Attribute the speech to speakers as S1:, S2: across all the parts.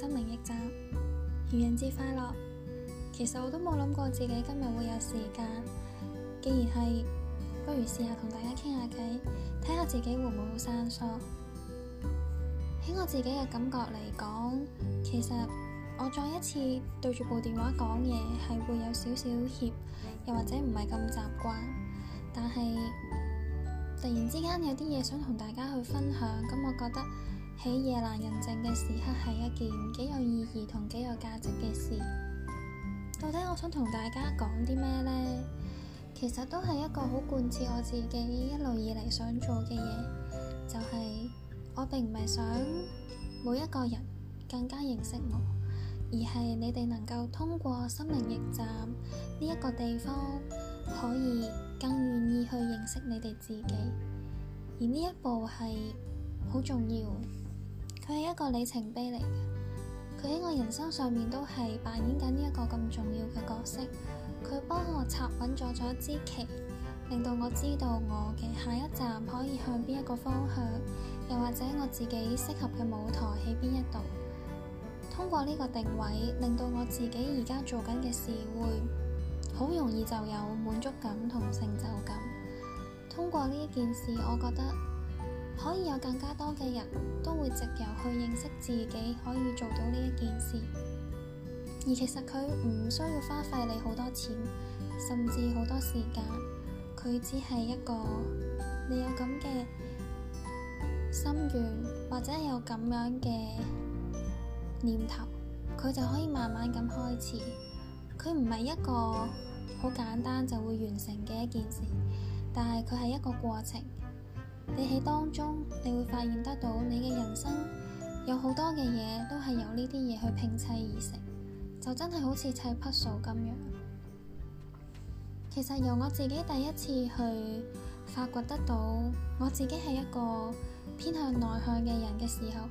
S1: 生命驛站，愚人節快樂！其實我都冇諗過自己今日會有時間，既然係，不如試下同大家傾下偈，睇下自己會唔會生疏。喺我自己嘅感覺嚟講，其實我再一次對住部電話講嘢係會有少少怯，又或者唔係咁習慣。但係突然之間有啲嘢想同大家去分享，咁我覺得。喺夜闌人靜嘅時刻，係一件幾有意義同幾有價值嘅事。到底我想同大家講啲咩呢？其實都係一個好貫徹我自己一路以嚟想做嘅嘢，就係、是、我並唔係想每一個人更加認識我，而係你哋能夠通過心靈驛站呢一個地方，可以更願意去認識你哋自己。而呢一步係好重要。佢係一個里程碑嚟嘅，佢喺我人生上面都係扮演緊呢一個咁重要嘅角色。佢幫我插穩咗咗支旗，令到我知道我嘅下一站可以向邊一個方向，又或者我自己適合嘅舞台喺邊一度。通過呢個定位，令到我自己而家做緊嘅事會好容易就有滿足感同成就感。通過呢一件事，我覺得。可以有更加多嘅人都會自由去認識自己，可以做到呢一件事。而其實佢唔需要花費你好多錢，甚至好多時間。佢只係一個你有咁嘅心願，或者有咁樣嘅念頭，佢就可以慢慢咁開始。佢唔係一個好簡單就會完成嘅一件事，但係佢係一個過程。你喺當中，你會發現得到你嘅人生有好多嘅嘢都係由呢啲嘢去拼砌而成，就真係好似砌 puzzle 咁樣。其實由我自己第一次去發掘得到我自己係一個偏向內向嘅人嘅時候，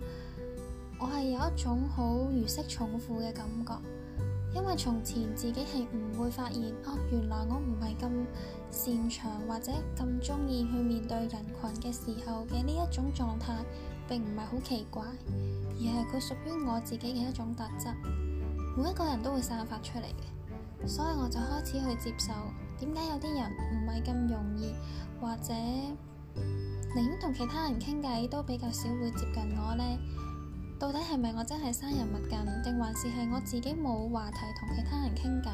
S1: 我係有一種好如釋重負嘅感覺。因為從前自己係唔會發現，哦，原來我唔係咁擅長或者咁中意去面對人群嘅時候嘅呢一種狀態，並唔係好奇怪，而係佢屬於我自己嘅一種特質。每一個人都會散發出嚟嘅，所以我就開始去接受，點解有啲人唔係咁容易，或者寧願同其他人傾偈，都比較少會接近我呢？到底係咪我真係生人勿近，定還是係我自己冇話題同其他人傾偈？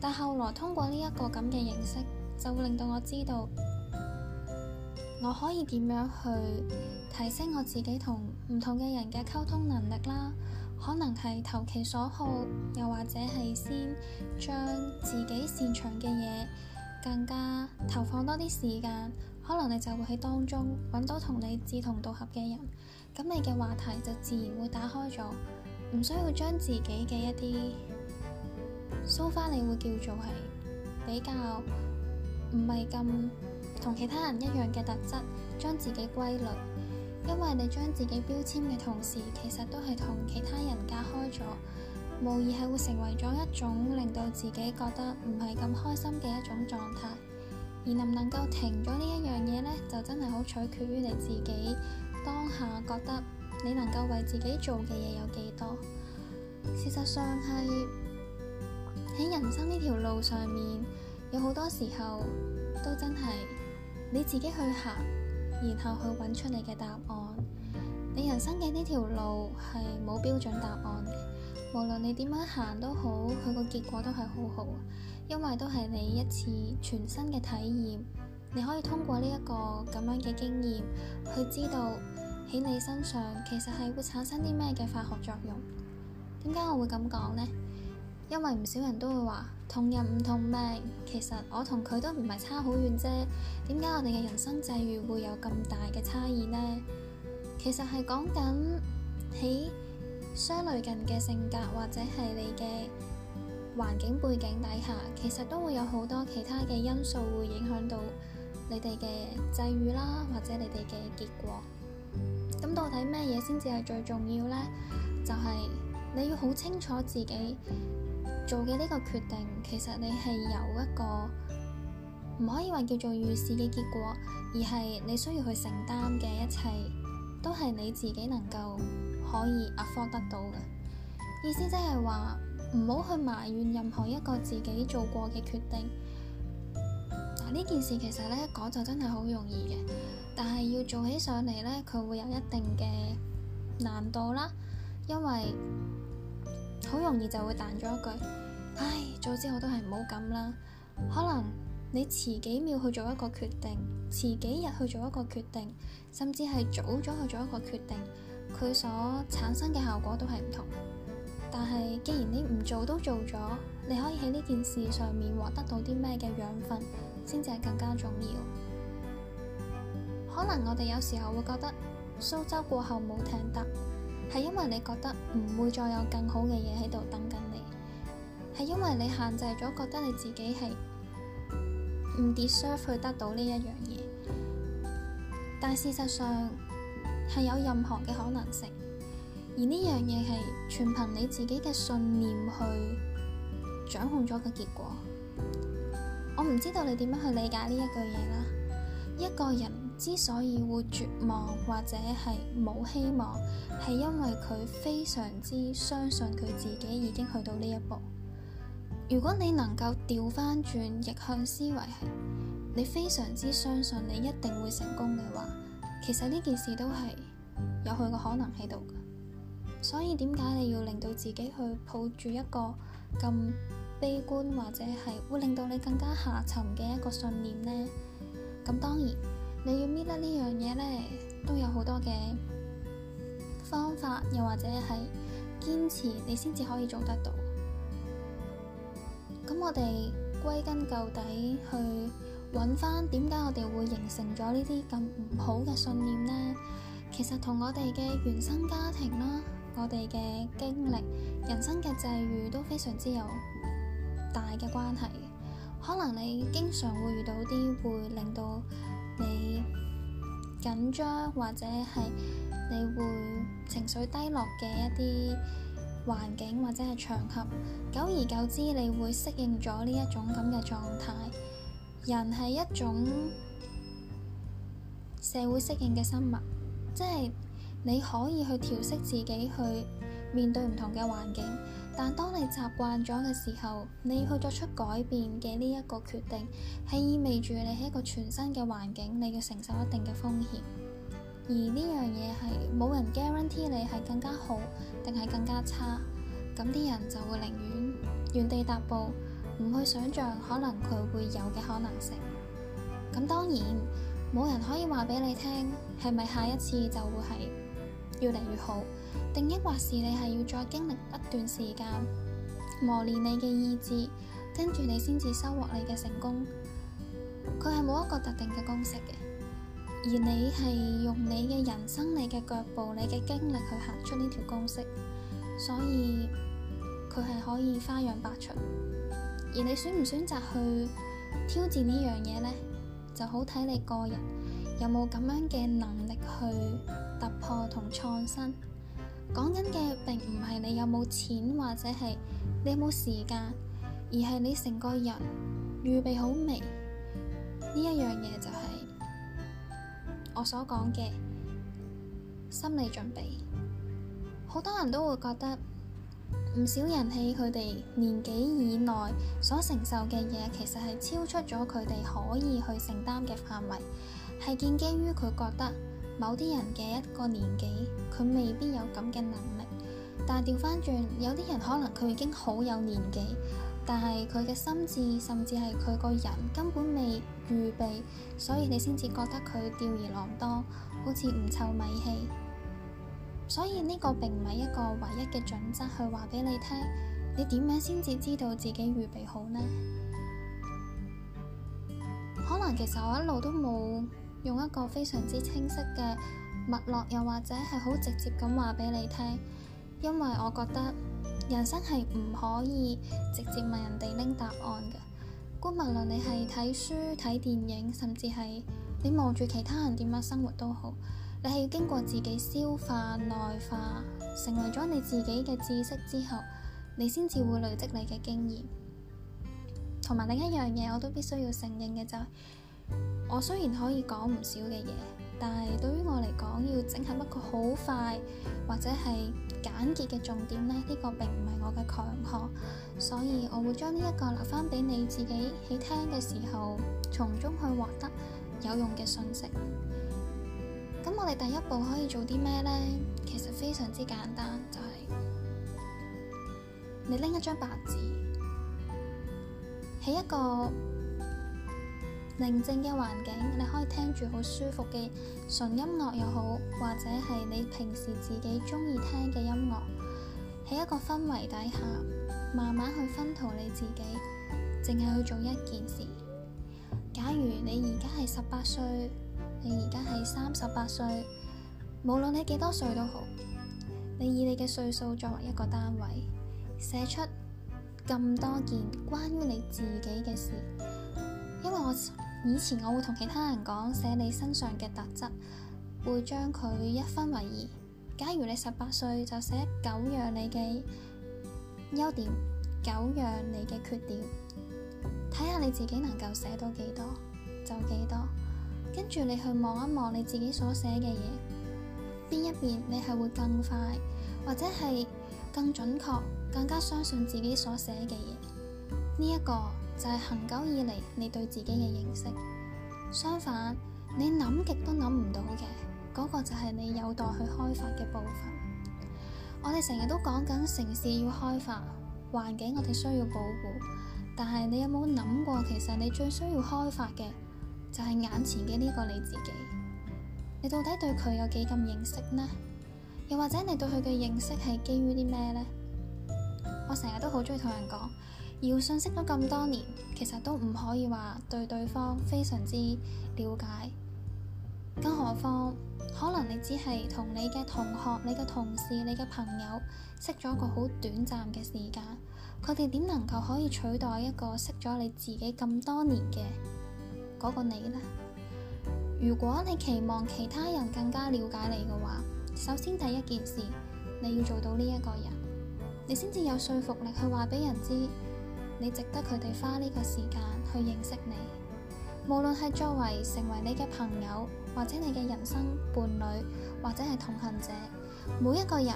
S1: 但後來通過呢一個咁嘅認識，就會令到我知道我可以點樣去提升我自己同唔同嘅人嘅溝通能力啦。可能係投其所好，又或者係先將自己擅長嘅嘢更加投放多啲時間，可能你就會喺當中揾到同你志同道合嘅人。咁你嘅話題就自然會打開咗，唔需要將自己嘅一啲蘇花，你會叫做係比較唔係咁同其他人一樣嘅特質，將自己歸類。因為你將自己標籤嘅同時，其實都係同其他人隔開咗，無疑係會成為咗一種令到自己覺得唔係咁開心嘅一種狀態。而能唔能夠停咗呢一樣嘢呢，就真係好取決於你自己。當下覺得你能夠為自己做嘅嘢有幾多？事實上係喺人生呢條路上面，有好多時候都真係你自己去行，然後去揾出你嘅答案。你人生嘅呢條路係冇標準答案，無論你點樣行都好，佢個結果都係好好，因為都係你一次全新嘅體驗。你可以通過呢一個咁樣嘅經驗，去知道喺你身上其實係會產生啲咩嘅化學作用。點解我會咁講呢？因為唔少人都會話同人唔同命，其實我同佢都唔係差好遠啫。點解我哋嘅人生際遇會有咁大嘅差異呢？其實係講緊喺相類近嘅性格，或者係你嘅環境背景底下，其實都會有好多其他嘅因素會影響到。你哋嘅際遇啦，或者你哋嘅結果，咁到底咩嘢先至係最重要呢？就係、是、你要好清楚自己做嘅呢個決定，其實你係有一個唔可以話叫做預示嘅結果，而係你需要去承擔嘅一切，都係你自己能夠可以 afford 得到嘅。意思即係話唔好去埋怨任何一個自己做過嘅決定。呢件事其實咧講就真係好容易嘅，但係要做起上嚟呢，佢會有一定嘅難度啦。因為好容易就會彈咗一句，唉，早知我都係唔好咁啦。可能你遲幾秒去做一個決定，遲幾日去做一個決定，甚至係早咗去做一個決定，佢所產生嘅效果都係唔同。但係既然你唔做都做咗，你可以喺呢件事上面獲得到啲咩嘅養分，先至係更加重要。可能我哋有時候會覺得蘇州過後冇艇搭，係因為你覺得唔會再有更好嘅嘢喺度等緊你，係因為你限制咗，覺得你自己係唔 deserve 去得到呢一樣嘢。但事實上係有任何嘅可能性，而呢樣嘢係全憑你自己嘅信念去掌控咗個結果。我唔知道你點樣去理解呢一句嘢啦。一個人之所以會絕望或者係冇希望，係因為佢非常之相信佢自己已經去到呢一步。如果你能夠調翻轉逆向思維，你非常之相信你一定會成功嘅話，其實呢件事都係有佢個可能喺度。所以點解你要令到自己去抱住一個咁？悲觀或者係會令到你更加下沉嘅一個信念呢，咁當然你要搣得呢樣嘢呢，都有好多嘅方法，又或者係堅持你先至可以做得到。咁我哋歸根究底去揾翻點解我哋會形成咗呢啲咁唔好嘅信念呢？其實同我哋嘅原生家庭啦，我哋嘅經歷、人生嘅際遇都非常之有大嘅關係，可能你經常會遇到啲會令到你緊張，或者係你會情緒低落嘅一啲環境，或者係場合。久而久之，你會適應咗呢一種噉嘅狀態。人係一種社會適應嘅生物，即係你可以去調適自己，去面對唔同嘅環境。但當你習慣咗嘅時候，你要去作出改變嘅呢一個決定，係意味住你喺一個全新嘅環境，你要承受一定嘅風險。而呢樣嘢係冇人 guarantee 你係更加好定係更加差。咁啲人就會寧願原地踏步，唔去想象可能佢會有嘅可能性。咁當然冇人可以話俾你聽，係咪下一次就會係越嚟越好？定抑或是你係要再經歷一段時間磨練你嘅意志，跟住你先至收穫你嘅成功。佢係冇一個特定嘅公式嘅，而你係用你嘅人生、你嘅腳步、你嘅經歷去行出呢條公式，所以佢係可以花樣百出。而你選唔選擇去挑戰呢樣嘢呢？就好睇你個人有冇咁樣嘅能力去突破同創新。講緊嘅並唔係你有冇錢，或者係你有冇時間，而係你成個人預備好未？呢一樣嘢就係我所講嘅心理準備。好多人都會覺得唔少人喺佢哋年紀以內所承受嘅嘢，其實係超出咗佢哋可以去承擔嘅範圍，係建基於佢覺得。某啲人嘅一個年紀，佢未必有咁嘅能力。但係調翻轉，有啲人可能佢已經好有年紀，但係佢嘅心智甚至係佢個人根本未預備，所以你先至覺得佢吊兒郎當，好似唔湊米氣。所以呢個並唔係一個唯一嘅準則去話俾你聽。你點樣先至知道自己預備好呢？可能其實我一路都冇。用一個非常之清晰嘅脈絡，又或者係好直接咁話俾你聽，因為我覺得人生係唔可以直接問人哋拎答案嘅。姑勿無論你係睇書、睇電影，甚至係你望住其他人點樣生活都好，你係要經過自己消化、內化，成為咗你自己嘅知識之後，你先至會累積你嘅經驗。同埋另一樣嘢，我都必須要承認嘅就係、是。我雖然可以講唔少嘅嘢，但係對於我嚟講，要整合一個好快或者係簡潔嘅重點呢，呢、呢個並唔係我嘅強項，所以我會將呢一個留翻俾你自己喺聽嘅時候，從中去獲得有用嘅信息。咁我哋第一步可以做啲咩呢？其實非常之簡單，就係、是、你拎一張白紙，喺一個，寧靜嘅環境，你可以聽住好舒服嘅純音樂又好，或者係你平時自己中意聽嘅音樂，喺一個氛圍底下，慢慢去分圖你自己，淨係去做一件事。假如你而家係十八歲，你而家係三十八歲，無論你幾多歲都好，你以你嘅歲數作為一個單位，寫出咁多件關於你自己嘅事，因為我。以前我會同其他人講，寫你身上嘅特質，會將佢一分為二。假如你十八歲，就寫九樣你嘅優點，九樣你嘅缺點，睇下你自己能夠寫到幾多就幾多，跟住你去望一望你自己所寫嘅嘢，邊一邊你係會更快，或者係更準確，更加相信自己所寫嘅嘢呢一個。就係恆久以嚟，你對自己嘅認識。相反，你諗極都諗唔到嘅嗰個就係你有待去開發嘅部分。我哋成日都講緊城市要開發，環境我哋需要保護，但係你有冇諗過，其實你最需要開發嘅就係眼前嘅呢個你自己。你到底對佢有幾咁認識呢？又或者你對佢嘅認識係基於啲咩呢？我成日都好中意同人講。而認識咗咁多年，其實都唔可以話對對方非常之了解。更何況可能你只係同你嘅同學、你嘅同事、你嘅朋友識咗個好短暫嘅時間，佢哋點能夠可以取代一個識咗你自己咁多年嘅嗰個你呢？如果你期望其他人更加了解你嘅話，首先第一件事你要做到呢一個人，你先至有說服力去話俾人知。你值得佢哋花呢個時間去認識你，無論係作為成為你嘅朋友，或者你嘅人生伴侶，或者係同行者，每一個人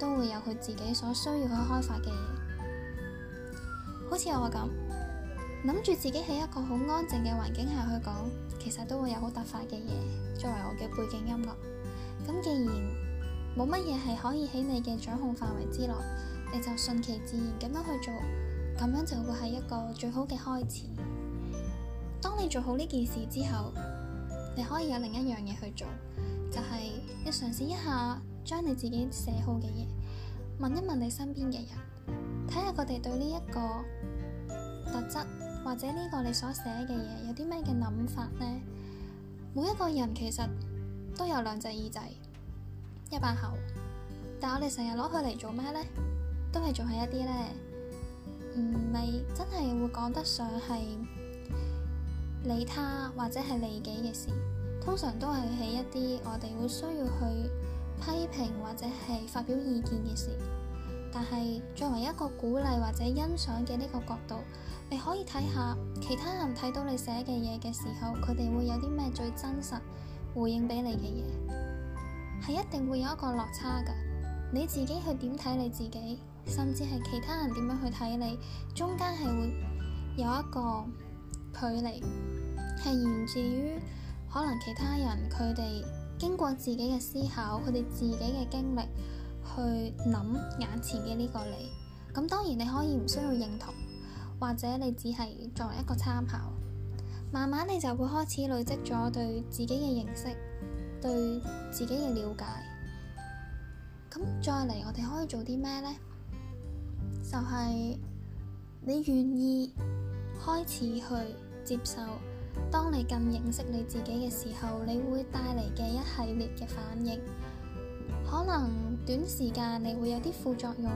S1: 都會有佢自己所需要去開發嘅嘢。好似我咁諗住自己喺一個好安靜嘅環境下去講，其實都會有好突發嘅嘢作為我嘅背景音樂。咁既然冇乜嘢係可以喺你嘅掌控範圍之內，你就順其自然咁樣去做。咁樣就會係一個最好嘅開始。當你做好呢件事之後，你可以有另一樣嘢去做，就係要嘗試一下將你自己寫好嘅嘢問一問你身邊嘅人，睇下佢哋對呢一個特質或者呢個你所寫嘅嘢有啲咩嘅諗法呢？每一個人其實都有兩隻耳仔，一把口。但我哋成日攞佢嚟做咩呢？都係做係一啲呢。唔係真係會講得上係利他或者係利己嘅事，通常都係喺一啲我哋會需要去批評或者係發表意見嘅事。但係作為一個鼓勵或者欣賞嘅呢個角度，你可以睇下其他人睇到你寫嘅嘢嘅時候，佢哋會有啲咩最真實回應俾你嘅嘢，係一定會有一個落差㗎。你自己去點睇你自己，甚至係其他人點樣去睇你，中間係會有一個距離，係源自於可能其他人佢哋經過自己嘅思考，佢哋自己嘅經歷去諗眼前嘅呢個你。咁當然你可以唔需要認同，或者你只係作為一個參考，慢慢你就會開始累積咗對自己嘅認識，對自己嘅了解。咁再嚟，我哋可以做啲咩呢？就係你願意開始去接受。當你咁認識你自己嘅時候，你會帶嚟嘅一系列嘅反應，可能短時間你會有啲副作用，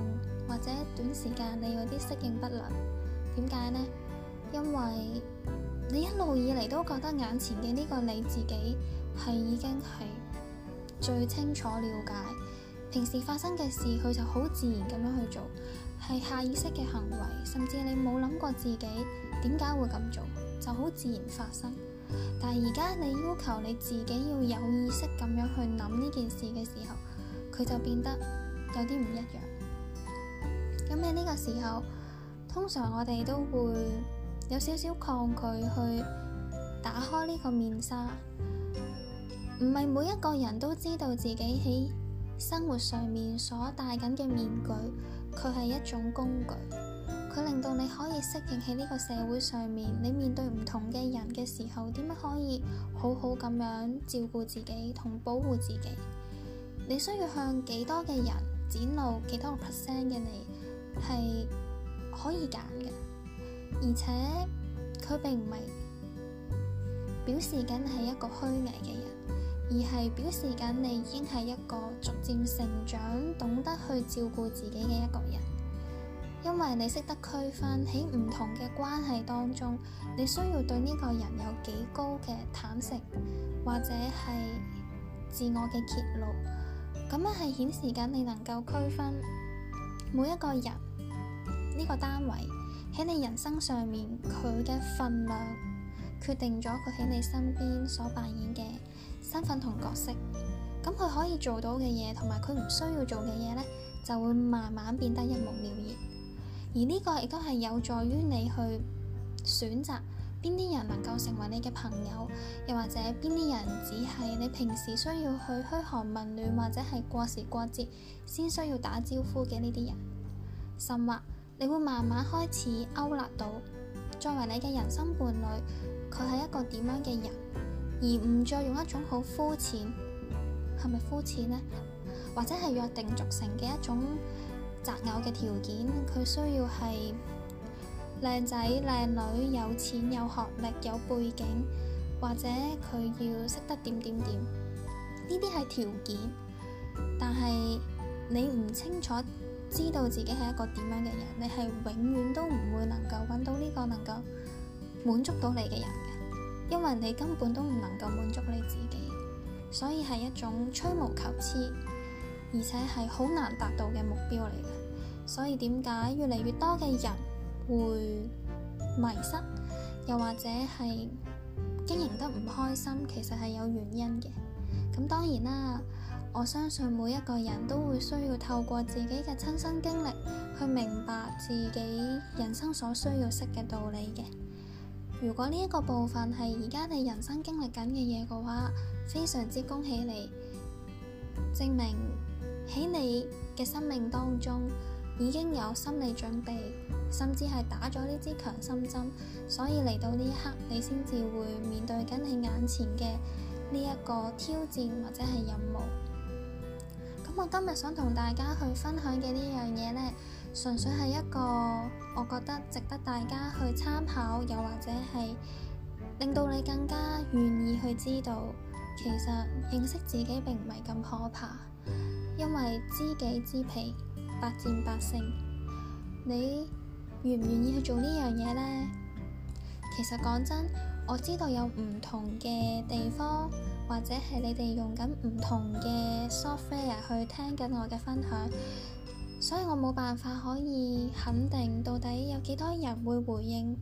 S1: 或者短時間你有啲適應不能。點解呢？因為你一路以嚟都覺得眼前嘅呢個你自己係已經係最清楚了解，平時發生嘅事，佢就好自然咁樣去做。係下意識嘅行為，甚至你冇諗過自己點解會咁做，就好自然發生。但係而家你要求你自己要有意識咁樣去諗呢件事嘅時候，佢就變得有啲唔一樣。咁喺呢個時候，通常我哋都會有少少抗拒去打開呢個面紗，唔係每一個人都知道自己喺生活上面所戴緊嘅面具。佢係一種工具，佢令到你可以適應喺呢個社會上面。你面對唔同嘅人嘅時候，點樣可以好好咁樣照顧自己同保護自己？你需要向幾多嘅人展露幾多個 percent 嘅你係可以揀嘅，而且佢並唔係表示緊你係一個虛偽嘅人。而係表示緊你已經係一個逐漸成長、懂得去照顧自己嘅一個人，因為你識得區分喺唔同嘅關係當中，你需要對呢個人有幾高嘅坦誠，或者係自我嘅揭露，咁樣係顯示緊你能夠區分每一個人呢個單位喺你人生上面佢嘅份量，決定咗佢喺你身邊所扮演嘅身份同角色，咁佢可以做到嘅嘢，同埋佢唔需要做嘅嘢呢，就會慢慢變得一目了然。而呢個亦都係有助於你去選擇邊啲人能夠成為你嘅朋友，又或者邊啲人只係你平時需要去噓寒問暖，或者係過時過節先需要打招呼嘅呢啲人。甚或你會慢慢開始勾勒到，作為你嘅人生伴侶，佢係一個點樣嘅人。而唔再用一種好膚淺，係咪膚淺咧？或者係約定俗成嘅一種擇偶嘅條件，佢需要係靚仔靚女，有錢有學歷有背景，或者佢要識得點點點。呢啲係條件，但係你唔清楚知道自己係一個點樣嘅人，你係永遠都唔會能夠揾到呢個能夠滿足到你嘅人。因為你根本都唔能夠滿足你自己，所以係一種吹毛求疵，而且係好難達到嘅目標嚟嘅。所以點解越嚟越多嘅人會迷失，又或者係經營得唔開心，其實係有原因嘅。咁當然啦，我相信每一個人都會需要透過自己嘅親身經歷，去明白自己人生所需要識嘅道理嘅。如果呢一個部分係而家你人生經歷緊嘅嘢嘅話，非常之恭喜你，證明喺你嘅生命當中已經有心理準備，甚至係打咗呢支強心針，所以嚟到呢一刻，你先至會面對緊你眼前嘅呢一個挑戰或者係任務。咁我今日想同大家去分享嘅呢樣嘢呢。純粹係一個，我覺得值得大家去參考，又或者係令到你更加願意去知道，其實認識自己並唔係咁可怕，因為知己知彼，百戰百勝。你願唔願意去做呢樣嘢呢？其實講真，我知道有唔同嘅地方，或者係你哋用緊唔同嘅 software 去聽緊我嘅分享。所以我冇辦法可以肯定到底有幾多人會回應。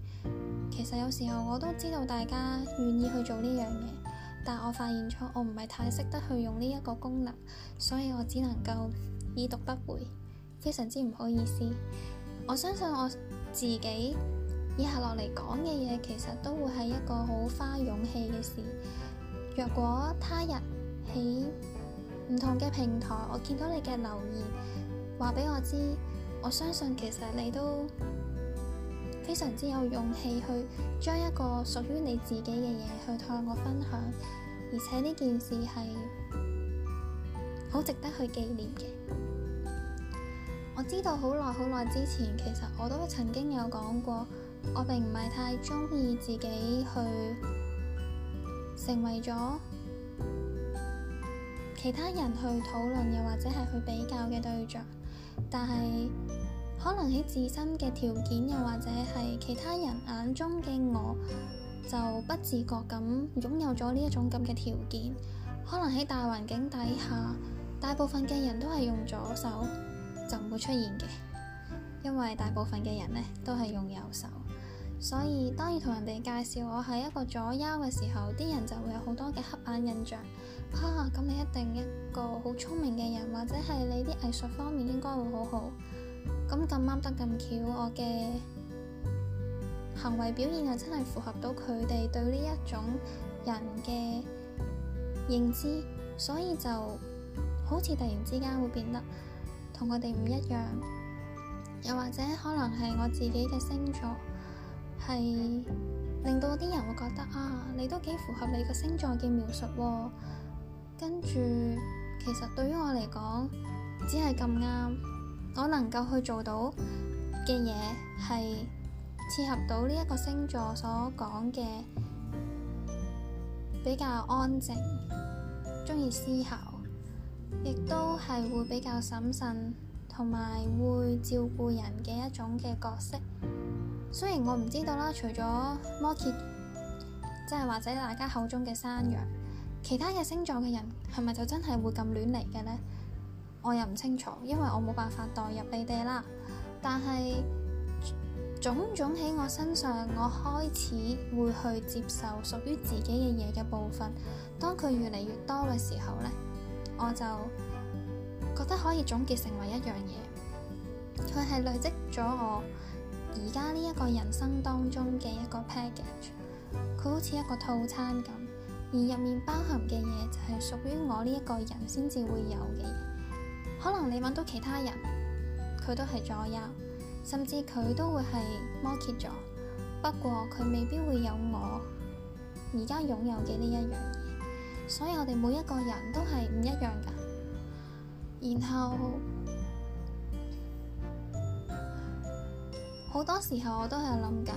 S1: 其實有時候我都知道大家願意去做呢樣嘢，但我發現咗我唔係太識得去用呢一個功能，所以我只能夠以讀不回，非常之唔好意思。我相信我自己以下落嚟講嘅嘢，其實都會係一個好花勇氣嘅事。若果他日喺唔同嘅平台，我見到你嘅留言。話俾我知，我相信其實你都非常之有勇氣去將一個屬於你自己嘅嘢去向我分享，而且呢件事係好值得去紀念嘅。我知道好耐好耐之前，其實我都曾經有講過，我並唔係太中意自己去成為咗其他人去討論，又或者係去比較嘅對象。但係可能喺自身嘅條件，又或者係其他人眼中嘅我，就不自覺咁擁有咗呢一種咁嘅條件。可能喺大環境底下，大部分嘅人都係用左手，就唔會出現嘅，因為大部分嘅人咧都係用右手。所以，當然同人哋介紹我係一個左優嘅時候，啲人就會有好多嘅刻板印象哈，咁、啊、你一定一個好聰明嘅人，或者係你啲藝術方面應該會好好。咁咁啱得咁巧，我嘅行為表現係真係符合到佢哋對呢一種人嘅認知，所以就好似突然之間會變得同佢哋唔一樣。又或者可能係我自己嘅星座。係令到啲人會覺得啊，你都幾符合你個星座嘅描述喎。跟住，其實對於我嚟講，只係咁啱。我能夠去做到嘅嘢，係切合到呢一個星座所講嘅比較安靜，中意思考，亦都係會比較審慎，同埋會照顧人嘅一種嘅角色。雖然我唔知道啦，除咗摩羯，即係或者大家口中嘅山羊，其他嘅星座嘅人係咪就真係會咁亂嚟嘅呢？我又唔清楚，因為我冇辦法代入你哋啦。但係，種種喺我身上，我開始會去接受屬於自己嘅嘢嘅部分。當佢越嚟越多嘅時候呢，我就覺得可以總結成為一樣嘢。佢係累積咗我。而家呢一個人生當中嘅一個 package，佢好似一個套餐咁，而入面包含嘅嘢就係屬於我呢一個人先至會有嘅。可能你搵到其他人，佢都係左右，甚至佢都會係摩羯座。不過佢未必會有我而家擁有嘅呢一樣嘢。所以我哋每一個人都係唔一樣噶，然後。好多時候我都係諗緊，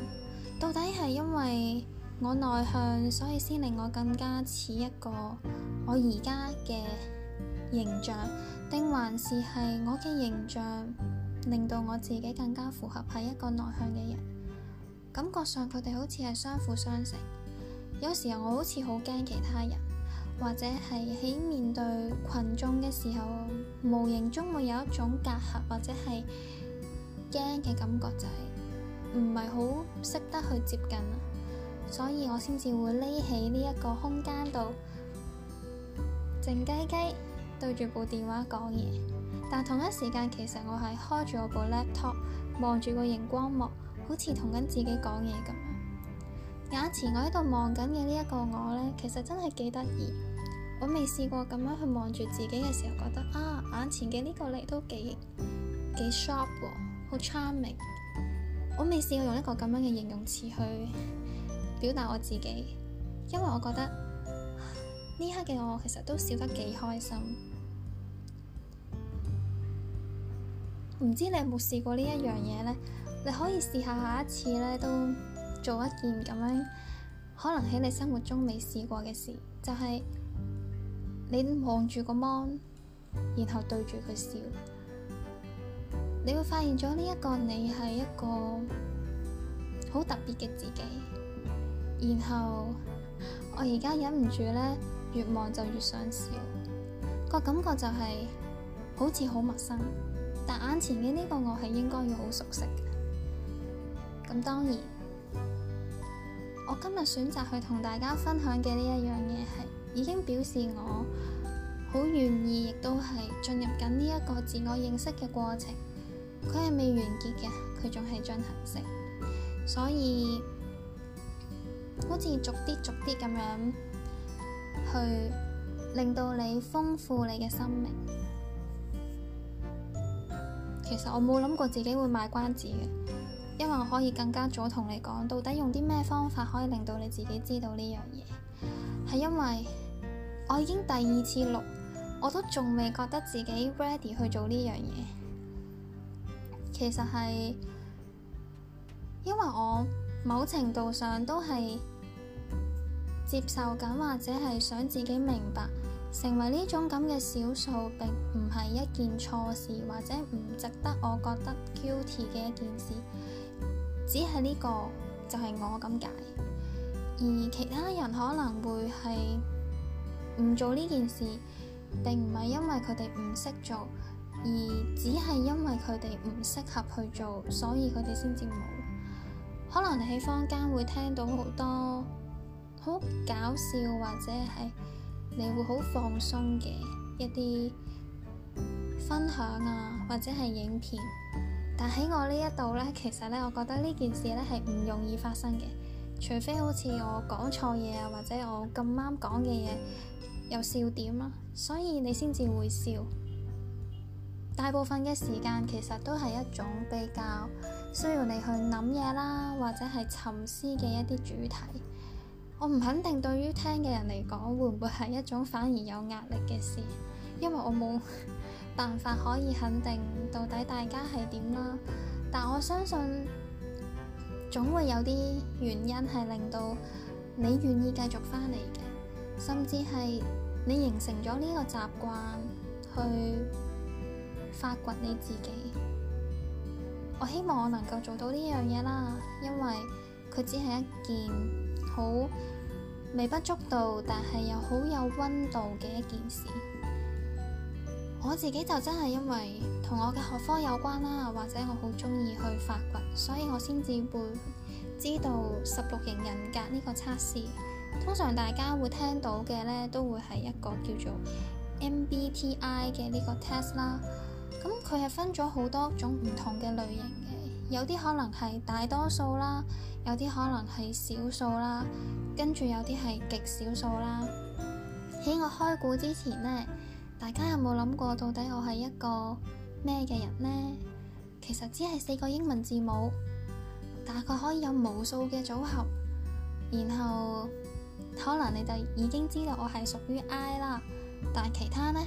S1: 到底係因為我內向，所以先令我更加似一個我而家嘅形象，定還是係我嘅形象令到我自己更加符合係一個內向嘅人？感覺上佢哋好似係相輔相成。有時候我好似好驚其他人，或者係喺面對群眾嘅時候，無形中會有一種隔閡或者係驚嘅感覺就係、是。唔係好識得去接近，所以我先至會匿喺呢一個空間度靜雞雞對住部電話講嘢。但同一時間，其實我係開住我部 laptop 望住個熒光幕，好似同緊自己講嘢咁。眼前我喺度望緊嘅呢一個我呢，其實真係幾得意。我未試過咁樣去望住自己嘅時候，覺得啊，眼前嘅呢個你都幾幾 sharp 喎，好 charming。我未試過用一個咁樣嘅形容詞去表達我自己，因為我覺得呢刻嘅我其實都笑得幾開心。唔知你有冇試過呢一樣嘢呢？你可以試下下一次呢都做一件咁樣，可能喺你生活中未試過嘅事，就係你望住個芒，然後對住佢笑。你會發現咗呢一個你係一個好特別嘅自己。然後我而家忍唔住呢，越望就越想笑。個感覺就係好似好陌生，但眼前嘅呢個我係應該要好熟悉嘅。咁當然，我今日選擇去同大家分享嘅呢一樣嘢，係已經表示我好願意，亦都係進入緊呢一個自我認識嘅過程。佢係未完結嘅，佢仲係進行式，所以好似逐啲逐啲咁樣去令到你豐富你嘅生命。其實我冇諗過自己會賣關子嘅，因為我可以更加早同你講到底用啲咩方法可以令到你自己知道呢樣嘢。係因為我已經第二次錄，我都仲未覺得自己 ready 去做呢樣嘢。其實係因為我某程度上都係接受緊，或者係想自己明白，成為呢種咁嘅少數並唔係一件錯事，或者唔值得我覺得 guilty 嘅一件事。只係呢個就係我咁解，而其他人可能會係唔做呢件事，並唔係因為佢哋唔識做。而只係因為佢哋唔適合去做，所以佢哋先至冇。可能你喺坊間會聽到好多好搞笑，或者係你會好放鬆嘅一啲分享啊，或者係影片。但喺我呢一度呢，其實呢，我覺得呢件事呢係唔容易發生嘅，除非好似我講錯嘢啊，或者我咁啱講嘅嘢有笑點啊，所以你先至會笑。大部分嘅時間其實都係一種比較需要你去諗嘢啦，或者係沉思嘅一啲主題。我唔肯定對於聽嘅人嚟講會唔會係一種反而有壓力嘅事，因為我冇辦法可以肯定到底大家係點啦。但我相信總會有啲原因係令到你願意繼續返嚟嘅，甚至係你形成咗呢個習慣去發掘你自己，我希望我能夠做到呢樣嘢啦，因為佢只係一件好微不足道，但係又好有溫度嘅一件事。我自己就真係因為同我嘅學科有關啦，或者我好中意去發掘，所以我先至會知道十六型人格呢個測試。通常大家會聽到嘅呢，都會係一個叫做 MBTI 嘅呢個 test 啦。咁佢係分咗好多種唔同嘅類型嘅，有啲可能係大多數啦，有啲可能係少數啦，跟住有啲係極少數啦。喺我開估之前呢，大家有冇諗過到底我係一個咩嘅人呢？其實只係四個英文字母，大概可以有無數嘅組合。然後可能你哋已經知道我係屬於 I 啦，但係其他呢？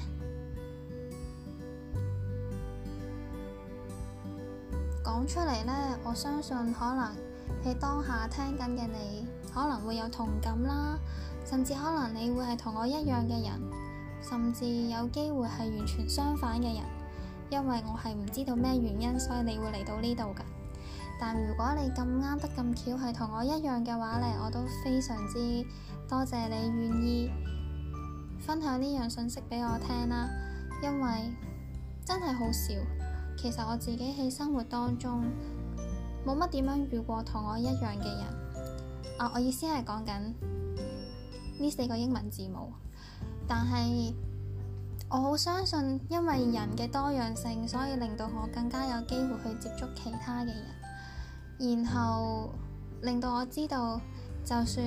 S1: 講出嚟呢，我相信可能喺當下聽緊嘅你可能會有同感啦，甚至可能你會係同我一樣嘅人，甚至有機會係完全相反嘅人，因為我係唔知道咩原因，所以你會嚟到呢度噶。但如果你咁啱得咁巧係同我一樣嘅話呢，我都非常之多謝你願意分享呢樣信息俾我聽啦，因為真係好少。其實我自己喺生活當中冇乜點樣遇過同我一樣嘅人啊！我意思係講緊呢四個英文字母，但係我好相信，因為人嘅多樣性，所以令到我更加有機會去接觸其他嘅人，然後令到我知道，就算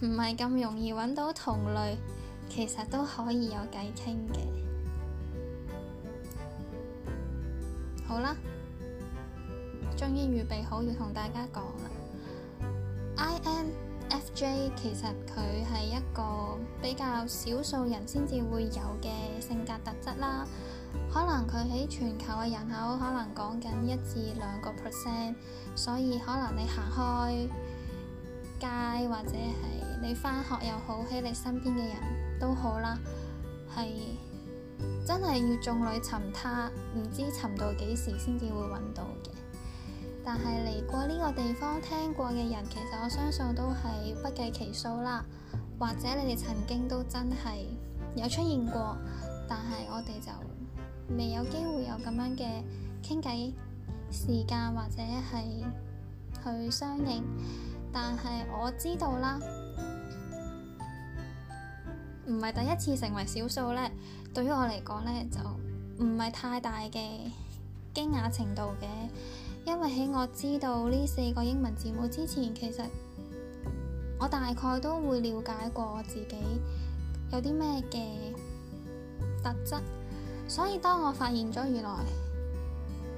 S1: 唔係咁容易揾到同類，其實都可以有偈傾嘅。好啦，終於預備好要同大家講啦。INFJ 其實佢係一個比較少數人先至會有嘅性格特質啦。可能佢喺全球嘅人口可能講緊一至兩個 percent，所以可能你行開街或者係你返學又好，喺你身邊嘅人都好啦，係。真係要眾裏尋他，唔知尋到幾時先至會揾到嘅。但係嚟過呢個地方聽過嘅人，其實我相信都係不計其數啦。或者你哋曾經都真係有出現過，但係我哋就未有機會有咁樣嘅傾偈時間，或者係去相應。但係我知道啦，唔係第一次成為少數呢。對於我嚟講呢，就唔係太大嘅驚訝程度嘅，因為喺我知道呢四個英文字母之前，其實我大概都會了解過自己有啲咩嘅特質，所以當我發現咗原來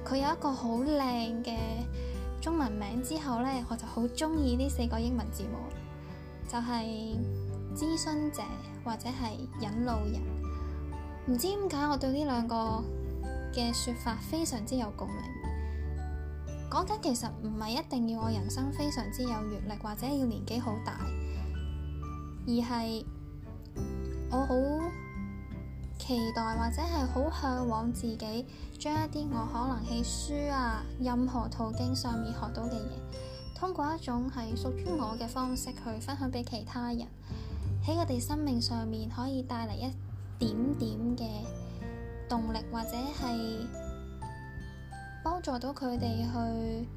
S1: 佢有一個好靚嘅中文名之後呢，我就好鍾意呢四個英文字母，就係諮詢者或者係引路人。唔知點解，我對呢兩個嘅說法非常之有共鳴。講緊其實唔係一定要我人生非常之有閱歷，或者要年紀好大，而係我好期待或者係好向往自己將一啲我可能喺書啊、任何途徑上面學到嘅嘢，通過一種係屬於我嘅方式去分享俾其他人，喺我哋生命上面可以帶嚟一點點嘅動力，或者係幫助到佢哋去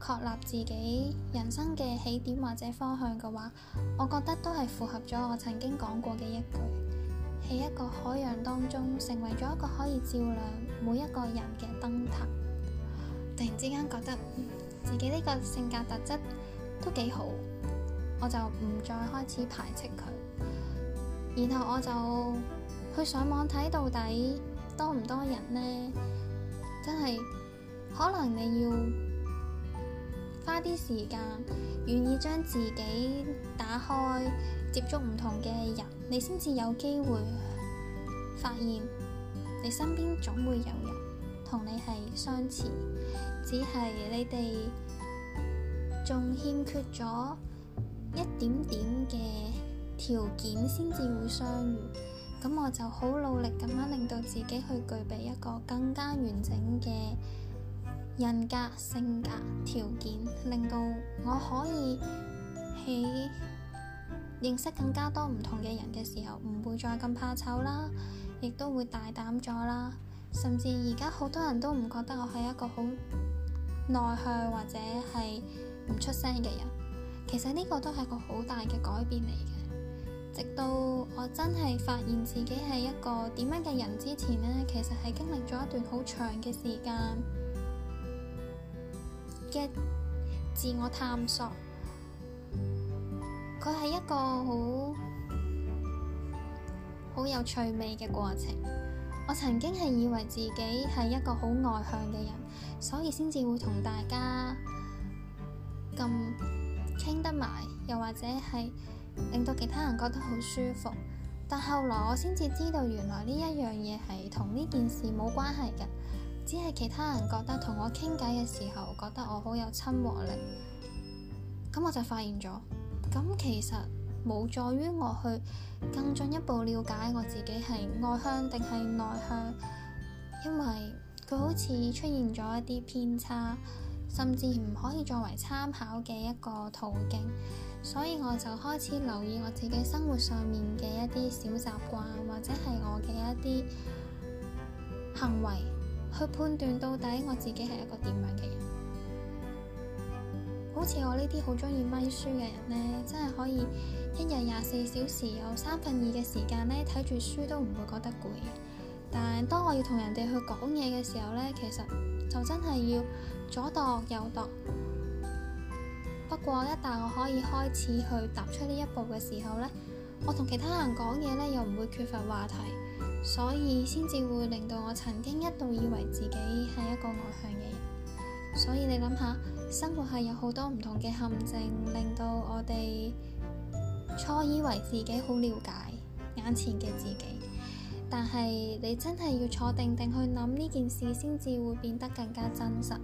S1: 確立自己人生嘅起點或者方向嘅話，我覺得都係符合咗我曾經講過嘅一句：喺一個海洋當中，成為咗一個可以照亮每一個人嘅燈塔。突然之間覺得自己呢個性格特質都幾好，我就唔再開始排斥佢。然後我就去上網睇到底多唔多人呢？真係可能你要花啲時間，願意將自己打開，接觸唔同嘅人，你先至有機會發現你身邊總會有人同你係相似，只係你哋仲欠缺咗一點點嘅條件先至會相遇，咁我就好努力咁樣令到自己去具備一個更加完整嘅人格性格條件，令到我可以喺認識更加多唔同嘅人嘅時候，唔會再咁怕醜啦，亦都會大膽咗啦。甚至而家好多人都唔覺得我係一個好內向或者係唔出聲嘅人。其實呢個都係個好大嘅改變嚟嘅。直到我真係發現自己係一個點樣嘅人之前呢，其實係經歷咗一段好長嘅時間嘅自我探索。佢係一個好好有趣味嘅過程。我曾經係以為自己係一個好外向嘅人，所以先至會同大家咁傾得埋，又或者係，令到其他人覺得好舒服，但後來我先至知道，原來呢一樣嘢係同呢件事冇關係嘅，只係其他人覺得同我傾偈嘅時候覺得我好有親和力。咁我就發現咗，咁其實冇助於我去更進一步了解我自己係外向定係內向，因為佢好似出現咗一啲偏差，甚至唔可以作為參考嘅一個途徑。所以我就開始留意我自己生活上面嘅一啲小習慣，或者係我嘅一啲行為，去判斷到底我自己係一個點樣嘅人。好似我呢啲好鍾意咪書嘅人呢，真係可以一日廿四小時有三分二嘅時間呢，睇住書都唔會覺得攰。但當我要同人哋去講嘢嘅時候呢，其實就真係要左度右度。過一旦我可以開始去踏出呢一步嘅時候呢，我同其他人講嘢呢又唔會缺乏話題，所以先至會令到我曾經一度以為自己係一個外向嘅人。所以你諗下，生活係有好多唔同嘅陷阱，令到我哋錯以為自己好了解眼前嘅自己，但係你真係要坐定定去諗呢件事，先至會變得更加真實，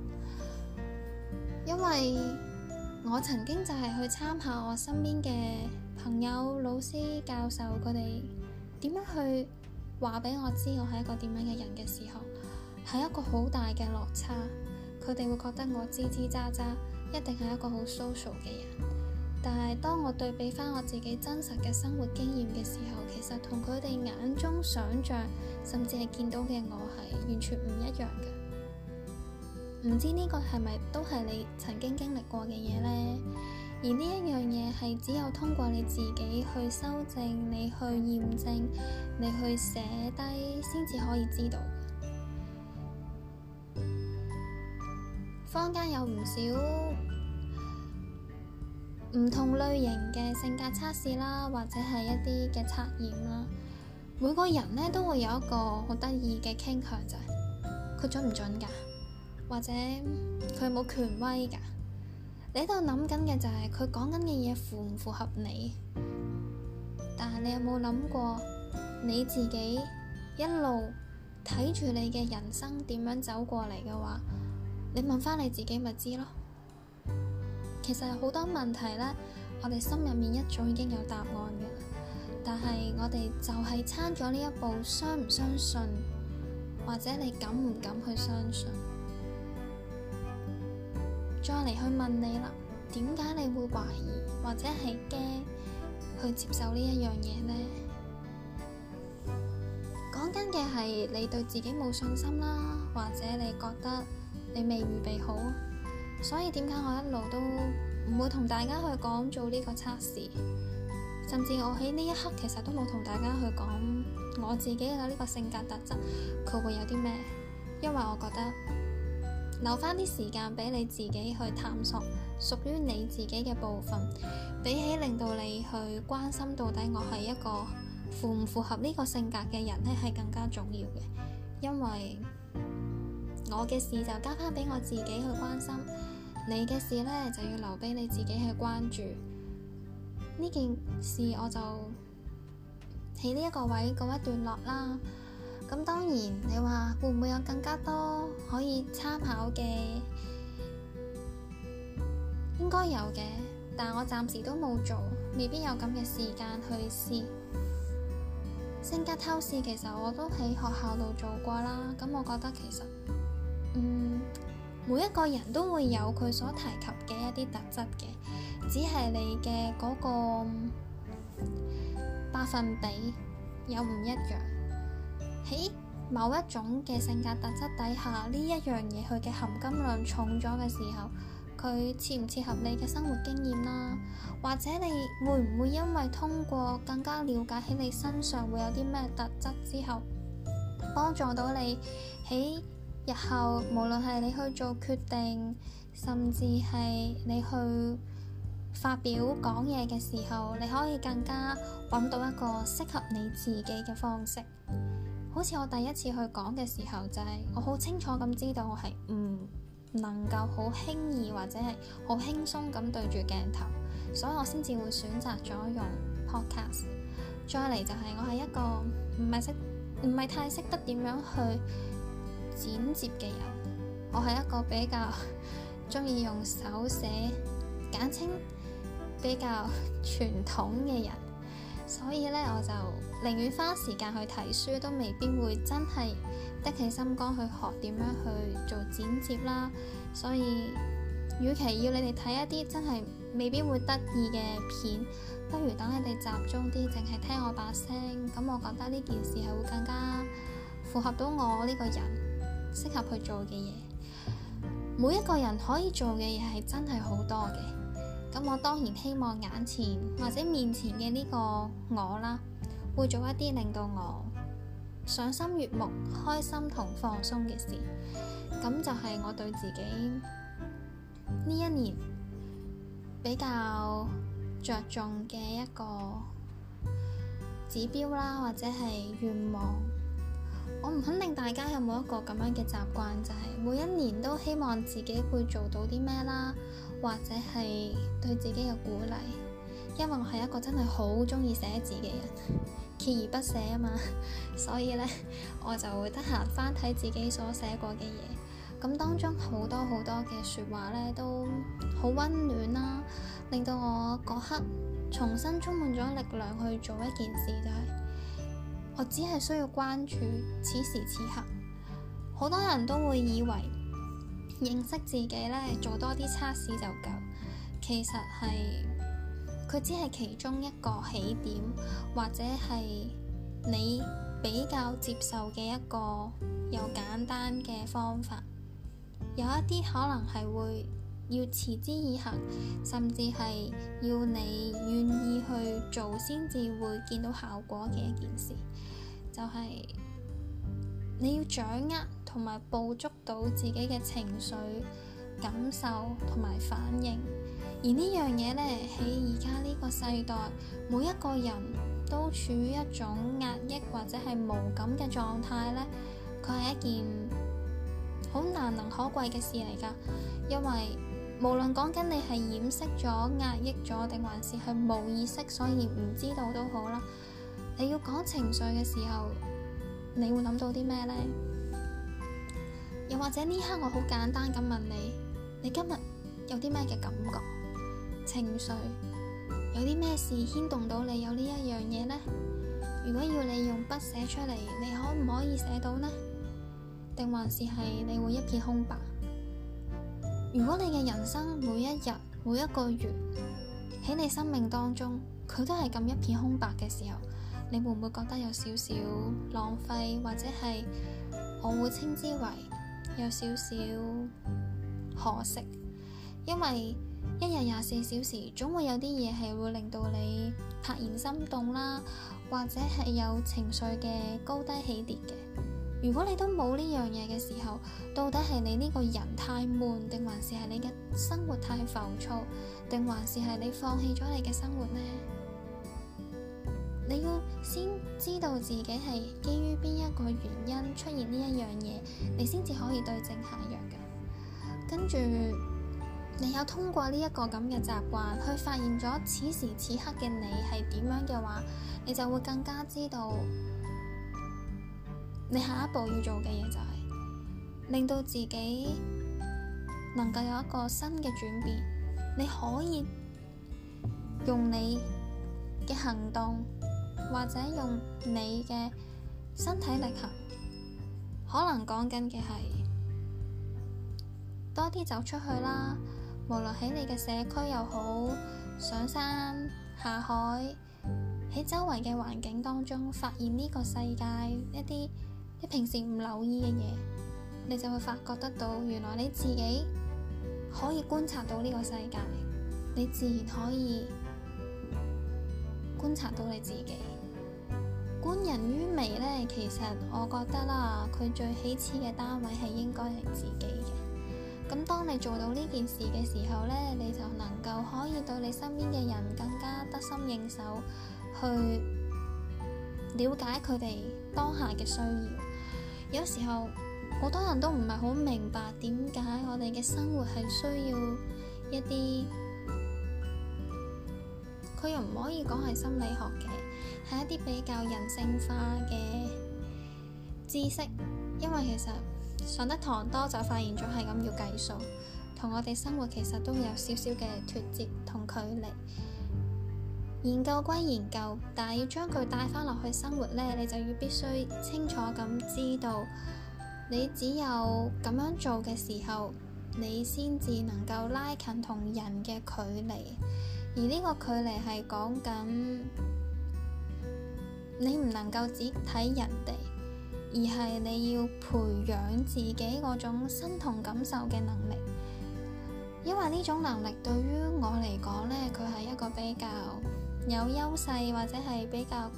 S1: 因為。我曾經就係去參考我身邊嘅朋友、老師、教授佢哋點樣去話俾我知我係一個點樣嘅人嘅時候，係一個好大嘅落差。佢哋會覺得我吱吱喳喳，一定係一個好 social 嘅人。但係當我對比返我自己真實嘅生活經驗嘅時候，其實同佢哋眼中想像甚至係見到嘅我係完全唔一樣嘅。唔知呢個係咪都係你曾經經歷過嘅嘢呢？而呢一樣嘢係只有通過你自己去修正、你去驗證、你去寫低，先至可以知道。坊間有唔少唔同類型嘅性格測試啦，或者係一啲嘅測驗啦。每個人呢，都會有一個好得意嘅傾向，就係佢準唔準噶？或者佢冇權威㗎，你喺度諗緊嘅就係佢講緊嘅嘢符唔符合你？但係你有冇諗過你自己一路睇住你嘅人生點樣走過嚟嘅話，你問翻你自己咪知咯。其實好多問題呢，我哋心入面一早已經有答案嘅，但係我哋就係撐咗呢一步，相唔相信，或者你敢唔敢去相信？再嚟去問你啦，點解你會懷疑或者係驚去接受呢一樣嘢呢？講緊嘅係你對自己冇信心啦，或者你覺得你未預備好，所以點解我一路都唔會同大家去講做呢個測試，甚至我喺呢一刻其實都冇同大家去講我自己嘅呢個性格特質，佢會有啲咩，因為我覺得。留翻啲時間俾你自己去探索屬於你自己嘅部分，比起令到你去關心到底我係一個符唔符合呢個性格嘅人呢，係更加重要嘅。因為我嘅事就交翻俾我自己去關心，你嘅事呢就要留俾你自己去關注。呢件事我就喺呢一個位告一段落啦。咁當然，你話會唔會有更加多可以參考嘅？應該有嘅，但我暫時都冇做，未必有咁嘅時間去試。性格測試其實我都喺學校度做過啦。咁我覺得其實，嗯，每一個人都會有佢所提及嘅一啲特質嘅，只係你嘅嗰個百分比有唔一樣。喺某一種嘅性格特質底下，呢一樣嘢佢嘅含金量重咗嘅時候，佢切唔切合你嘅生活經驗啦、啊？或者你會唔會因為通過更加瞭解喺你身上會有啲咩特質之後，幫助到你喺日後無論係你去做決定，甚至係你去發表講嘢嘅時候，你可以更加揾到一個適合你自己嘅方式。好似我第一次去講嘅時候，就係我好清楚咁知道我係唔能夠好輕易或者係好輕鬆咁對住鏡頭，所以我先至會選擇咗用 podcast。再嚟就係我係一個唔係識唔係太識得點樣去剪接嘅人，我係一個比較鍾意用手寫，簡稱比較傳統嘅人，所以呢，我就。寧願花時間去睇書，都未必會真係得起心肝去學點樣去做剪接啦。所以，與其要你哋睇一啲真係未必會得意嘅片，不如等你哋集中啲，淨係聽我把聲。咁，我覺得呢件事係會更加符合到我呢個人適合去做嘅嘢。每一個人可以做嘅嘢係真係好多嘅。咁我當然希望眼前或者面前嘅呢個我啦。會做一啲令到我賞心悅目、開心同放鬆嘅事，咁就係我對自己呢一年比較着重嘅一個指標啦，或者係願望。我唔肯定大家有冇一個咁樣嘅習慣，就係每一年都希望自己會做到啲咩啦，或者係對自己嘅鼓勵。因為我係一個真係好中意寫字嘅人，鍥而不捨啊嘛， 所以呢，我就會得閒翻睇自己所寫過嘅嘢。咁當中好多好多嘅説話呢，都好溫暖啦、啊，令到我嗰刻重新充滿咗力量去做一件事。就係我只係需要關注此時此刻。好多人都會以為認識自己呢，做多啲測試就夠，其實係。佢只係其中一個起點，或者係你比較接受嘅一個又簡單嘅方法。有一啲可能係會要持之以恆，甚至係要你願意去做先至會見到效果嘅一件事，就係、是、你要掌握同埋捕捉到自己嘅情緒、感受同埋反應。而呢樣嘢呢，喺而家呢個世代，每一個人都處於一種壓抑或者係無感嘅狀態呢，佢係一件好難能可貴嘅事嚟㗎。因為無論講緊你係掩飾咗、壓抑咗，定還是係無意識，所以唔知道都好啦。你要講情緒嘅時候，你會諗到啲咩呢？又或者呢刻我好簡單咁問你，你今日有啲咩嘅感覺？情緒有啲咩事牽動到你有呢一樣嘢？呢？如果要你用筆寫出嚟，你可唔可以寫到呢？定還是係你會一片空白？如果你嘅人生每一日、每一個月喺你生命當中，佢都係咁一片空白嘅時候，你會唔會覺得有少少浪費，或者係我會稱之為有少少可惜，因為……一日廿四小時，總會有啲嘢係會令到你怦然心動啦，或者係有情緒嘅高低起跌嘅。如果你都冇呢樣嘢嘅時候，到底係你呢個人太悶，定還是係你嘅生活太浮躁，定還是係你放棄咗你嘅生活呢？你要先知道自己係基於邊一個原因出現呢一樣嘢，你先至可以對症下藥㗎。跟住。你有通過呢一個咁嘅習慣去發現咗此時此刻嘅你係點樣嘅話，你就會更加知道你下一步要做嘅嘢就係令到自己能夠有一個新嘅轉變。你可以用你嘅行動或者用你嘅身體力行，可能講緊嘅係多啲走出去啦。無論喺你嘅社區又好，上山下海，喺周圍嘅環境當中發現呢個世界一啲你平時唔留意嘅嘢，你就會發覺得到，原來你自己可以觀察到呢個世界，你自然可以觀察到你自己。觀人於微呢，其實我覺得啦，佢最起始嘅單位係應該係自己嘅。咁當你做到呢件事嘅時候呢，你就能夠可以對你身邊嘅人更加得心應手，去了解佢哋當下嘅需要。有時候好多人都唔係好明白點解我哋嘅生活係需要一啲，佢又唔可以講係心理學嘅，係一啲比較人性化嘅知識，因為其實。上得堂多就發現咗係咁要計數，同我哋生活其實都有少少嘅脫節同距離。研究歸研究，但係要將佢帶翻落去生活呢，你就要必須清楚咁知道，你只有咁樣做嘅時候，你先至能夠拉近同人嘅距離。而呢個距離係講緊你唔能夠只睇人哋。而係你要培養自己嗰種身同感受嘅能力，因為呢種能力對於我嚟講呢，佢係一個比較有優勢，或者係比較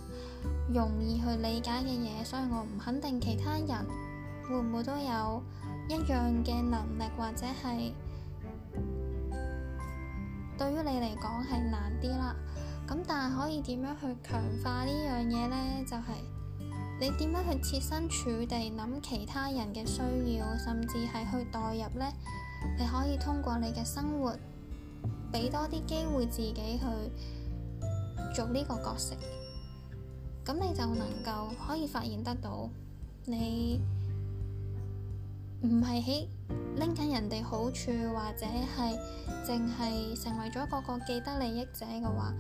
S1: 容易去理解嘅嘢。所以我唔肯定其他人會唔會都有一樣嘅能力，或者係對於你嚟講係難啲啦。咁但係可以點樣去強化呢樣嘢呢？就係、是。你點樣去設身處地諗其他人嘅需要，甚至係去代入呢？你可以通過你嘅生活，俾多啲機會自己去做呢個角色，咁你就能夠可以發現得到，你唔係喺拎緊人哋好處，或者係淨係成為咗一個個既得利益者嘅話。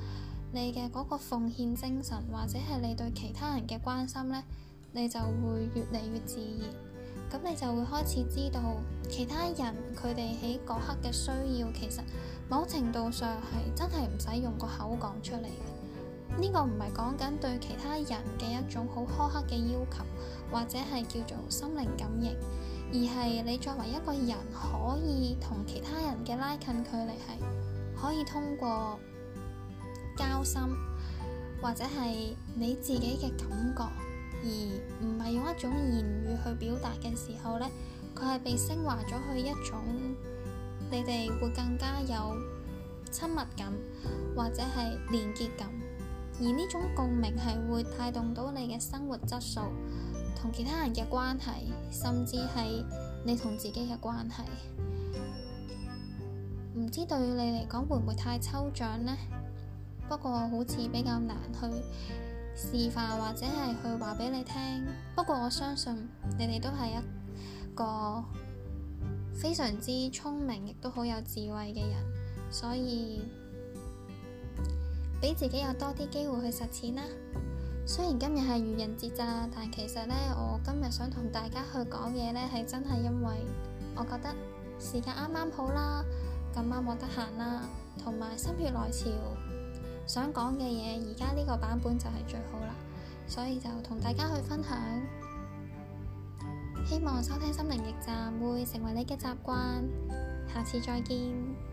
S1: 你嘅嗰個奉獻精神，或者係你對其他人嘅關心呢，你就會越嚟越自然。咁你就會開始知道其他人佢哋喺嗰刻嘅需要，其實某程度上係真係唔使用個口講出嚟嘅。呢個唔係講緊對其他人嘅一種好苛刻嘅要求，或者係叫做心靈感應，而係你作為一個人可以同其他人嘅拉近距離係，可以通過，交心，或者係你自己嘅感覺，而唔係用一種言語去表達嘅時候，呢佢係被升華咗去一種，你哋會更加有親密感，或者係連結感。而呢種共鳴係會帶動到你嘅生活質素，同其他人嘅關係，甚至係你同自己嘅關係。唔知對你嚟講會唔會太抽象呢？不過好似比較難去示範，或者係去話俾你聽。不過我相信你哋都係一個非常之聰明，亦都好有智慧嘅人，所以俾自己有多啲機會去實踐啦。雖然今日係愚人節咋，但其實呢，我今日想同大家去講嘢呢，係真係因為我覺得時間啱啱好啦，咁啱冇得閒啦，同埋心血來潮。想講嘅嘢，而家呢個版本就係最好啦，所以就同大家去分享。希望收聽《心靈驛站》會成為你嘅習慣，下次再見。